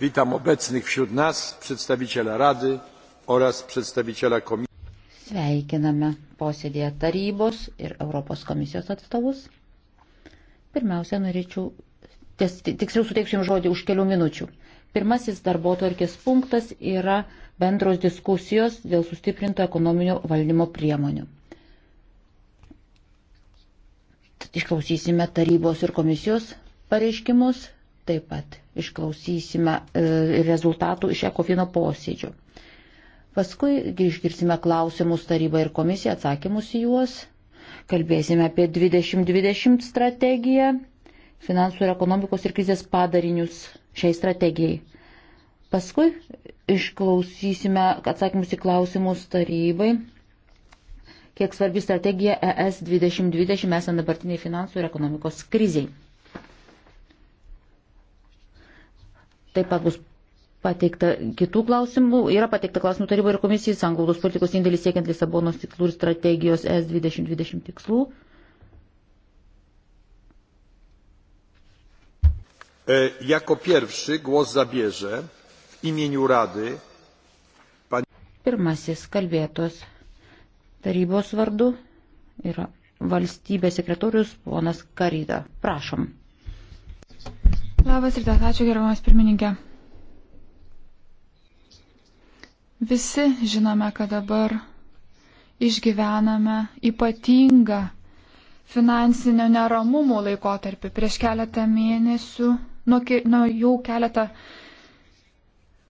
Witam obecnych wśród nas przedstawiciela Rady oraz przedstawiciela komisji. Sveikiname posėdėje tarybos ir Europos komisijos atstovus. Pirmiausia, norėčiau, tiksliau suteiksiu jums žodį už kelių minučių. Pirmasis darbo tvarkės punktas yra bendros diskusijos dėl sustiprinto ekonominio valdymo priemonių. Išklausysime tarybos ir komisijos pareiškimus, Taip pat išklausysime e, rezultatų iš ekofino posėdžio. Paskui išgirsime klausimus tarybą ir komisiją, atsakymus į juos. Kalbėsime apie 2020 strategiją, finansų ir ekonomikos ir krizės padarinius šiai strategijai. Paskui išklausysime atsakymus į klausimus tarybai, kiek svarbi strategija ES 2020 esant dabartiniai finansų ir ekonomikos kriziai. Taip pat bus pateikta kitų klausimų. Yra pateikta klausimų tarybai ir komisijai sanglaudos politikos indėlis siekiant Lisabonos tikslų ir strategijos S 2020 tikslų. E, jako pierwszy głos zabierze w imieniu Rady pan... Pirmasis kalbėtos tarybos vardu yra valstybės sekretorius ponas Karida. Prašom. Labas rytas, ačiū gerbamas pirmininkė. Visi žinome, kad dabar išgyvename ypatingą finansinio neramumo laikotarpį. Prieš keletą mėnesių, nuo, nuo jau keletą mėnesių